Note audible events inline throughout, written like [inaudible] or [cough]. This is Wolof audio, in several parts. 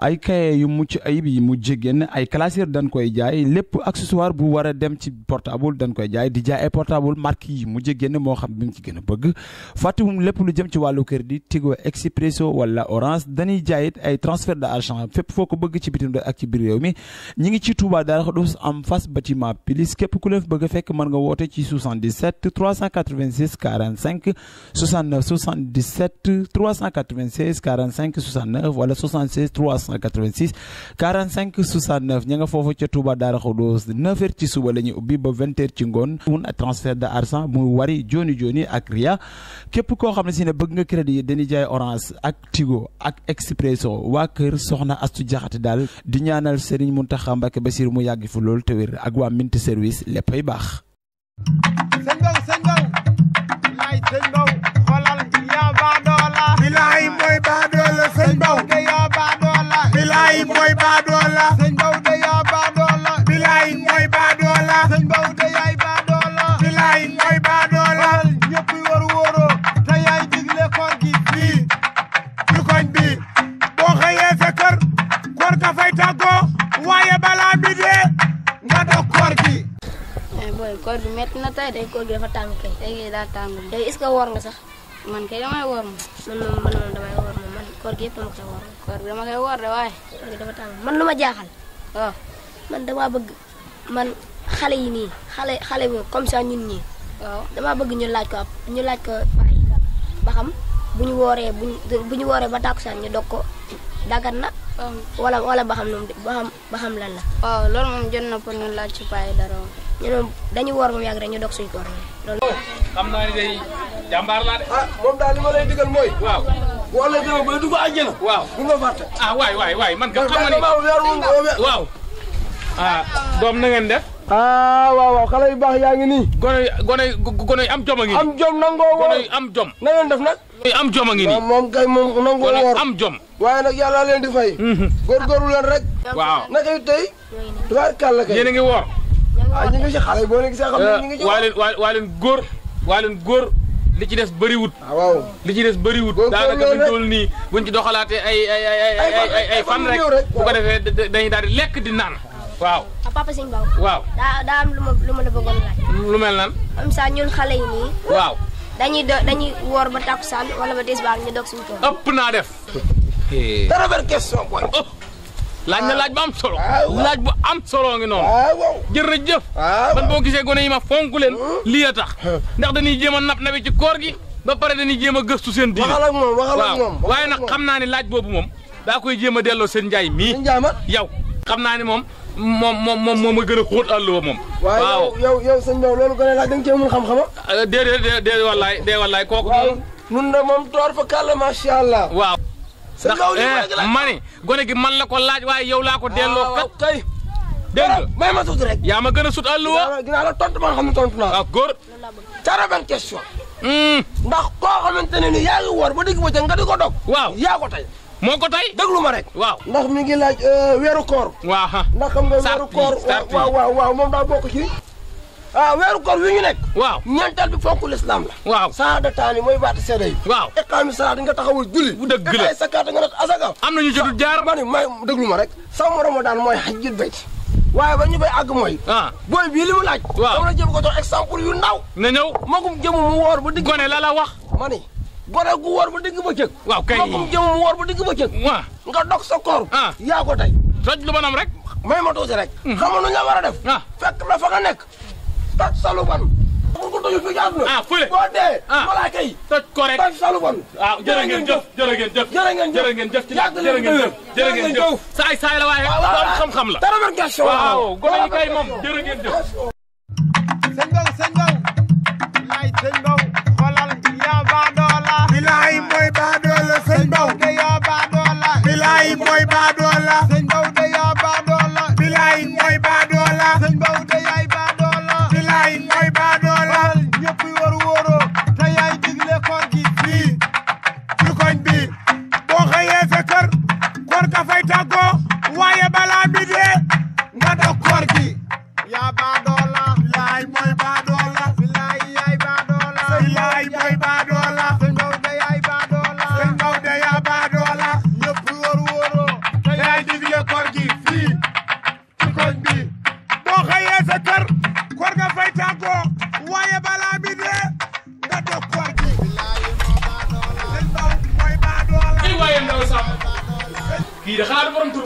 ay cahier yu mucc ayib yi mujj génn ay classeur dañ koy jaay lépp accessoire bu war a dem ci portable dañ koy jaay di jaay ay portable marque yi mujj génn moo xam bi mu ci gën a bëgg fàttali lépp lu jëm ci wàllu crédit Tigo Expresso wala Orange dañuy jaayit ay transfert d'argent fépp foo ko bëgg ci bitim ak ci biir réew mi ñi ngi ci Touba Darou Khoudoss am face ku leen bëgg fekk mën nga woote ci 77 386 45 69 77 396 45 69 wala 76 386 45 69 ña nga foofu ca Touba Daara Khoudous 9h ci suba la ñuy ubbi ba 20h ci ngoon un transfert de argent muy wari joni joni ak ria képp koo xam ne si ne bëgg nga crédit yi dañuy jaay orange ak tigo ak expresso waa kër soxna astu jaxate daal di ñaanal Serigne Mountakha ba Bassir mu yàgg fu lool te wér ak waa Mint service léppay baax sëñ Ndaw sëñ bilaay mooy baadoola sëñ Daouda mooy baadoola sëñ Daouda yaay war wóoro te yaay digle koor gi fii ci koñ boo xëyee sa kër ka fay tàggoo waaye balaa bi dee nga dog eh, koor gi metti na tey day koor gi dafa tàng kay tey gi daa woor nga sax man kay damay woor moom man moom man moom damay woor moom man koor gi yëpp dama koy woor koor bi dama koy woor de waaye. dama tàng man lu ma jaaxal. waaw oh. man damaa bëgg man xale yi nii xale xale bi comme ça ñun ñii. waaw oh. damaa bëgg ñu laaj ko ñu laaj ko bu ñu wooree bu ñu bu ñu wooree ba tàkkusaan ñu dog ko daggat na. Um. wala wala baxam xam ne ba lan la. waaw oh, loolu moom jot na pour ñu laaj ci bàyyi dara moom. ñu ne dañu woor moom yàgg rek ñu dog suñu koor loolu. Ah, moom daal li ma lay digal mooy. waaw. waa dama bay dugg àjjana. waaw bu ma fàtte. ah man ka xam nga ni waaw. ah doom na ngeen def. ah waaw waaw xale yu baax yaa ngi nii. gone gone gone am jom a ngi. am jom nangoo woor gone am jom. na ngeen am jom a ngi nii. moom kay moom nangoo woor am jom. waaye nag yàlla leen di fay. Mhm. góorgóorlu leen rek. waaw naka it tey. tubaab kàlla kay yéen a ngi woor. ah ñu ngi si xale boo leen gisee xam ne ñu ngi ci. góor waa góor. li ci des bëriwut. Ah, li ci des bëriwut. daanaka buñ toll nii buñ ci doxalaatee ay ay ay fan rek bu ko defee dañuy daal di lekk di naan. waaw ah, papa sëñ Ba. waaw daa daa lu ma lu ma la bëggoon laaj. lu mel nan. am saa ñun xale yi nii. waaw dañuy do dañuy woor ba takkusaan wala ba tisbaar ñu doog suñu tool. ëpp naa def. dara benn question laaj na laaj bu am solo. Ah, laaj bu am solo ngi noonu. Ah, jërëjëf. Ah, man boo gisee gone yi ma fonk leen. lii a tax ndax dañuy jéem a nap nabi ci koor gi. ba pare dañuy jéem a gëstu seen diine. waxal ak moom waxal ak waaye nag xam naa ne laaj boobu moom. daa koy jéem a delloo seen njaay mii. yow xam naa ne moom. moom moom moom moom a gën a xóot àll ba moom. waaw yow yow loolu gën a da nga cee xam-xama. déedéet déedéet wallaay déedéet wallaay kooku. waaw ñun de moom door fa kàlla macha waaw. ndax eh, mani gone gi man la ko laaj waaye yow laa ko delloo ah, kat kay dégg nga eh, may ma sut rek yaa ma gën a sut alluwa dinaa la tontu ma xam ne tontu naa ak ah, góor cara benn question hmm. ndax koo xamante ne ni yaa ngi woor ba digg ba ca nga ko dog waaw yaa ko tey moo ko tey déglu ma rek waaw ndax mi ngi laaj eh, weeru koor waaw ndax xam nga weeru koor waaw waaw moom daa bokk ci waaw ah, weeru koor wi ñu nekk waaw ñeenteel bi fonk lislaam la waaw saada taani mooy baati seede yi waaw iqaami salaat nga taxawal julli bu dëgg la sakaat nga nat asaka am nañu ci dul jaar ma ni may déglu ma rek sawmu ramadan mooy hajjul bayt waaye ba ñu bay àgg mooy ah. booy bii li mu laaj dama la jëm ko jox exemple yu ndaw na ñëw magum jëmu mu woor ba digg gone la la wax ma ni gone gu woor ba digg ba cëg waaw kay magum jëmu mu woor ba digg ba cëg waaw nga dog sa koor ah. yaa ko tey toj lu banam rek may ma tuuti rek hmm. xamal nu ñu la war a def fekk la fa nga nekk toj salu bon. amul ku tëju fi nga am na. ah fële boo dee. ah malaaka yi toj correct toj salu bon. waaw ah, jërë ngeen jëf jërë ngeen jëf jërë ngeen jëf jërë ngeen jëf jërë ngeen jëf jërë ngeen jëf saay saay la waaye xam-xam la. dara man question waaw góor yi kay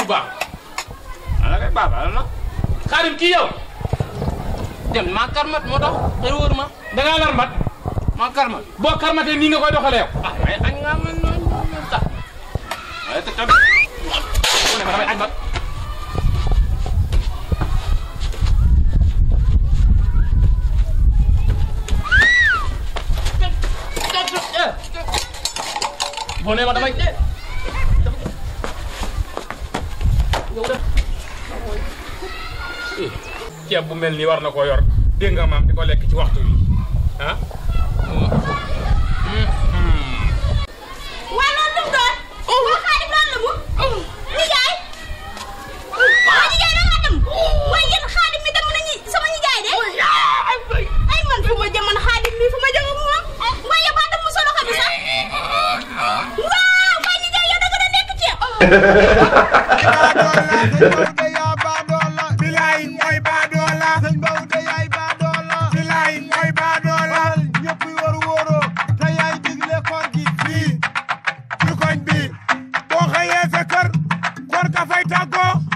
baax ala kay baax ala la xaarim kii dem maa karmat moo tax xëy wóor ma da ngaa lar mat maa karmat boo karmatee nii nga koy doxalee yow ah waaye añ ngaa mel noonu sax waaye te tamit mu ne ma damay añ mat eh, eh. ma damay eh. Eh, ceeb bu mel nii war na koo yor dégg nga maam di ko lekk ci waxtu wi ah. waaye loolu lu mu doon. Oh. waaw xaalis loolu la bu. Oh. nijaay. waaw nijaay da ngaa dem. waaye yéen xaalis mi dem nañu sama nijaay de. Oh, ay man fu ma jëmoon xaalis mi fu ma jëmoon moom. waaye yow da nga doon lekk [laughs] tàggoo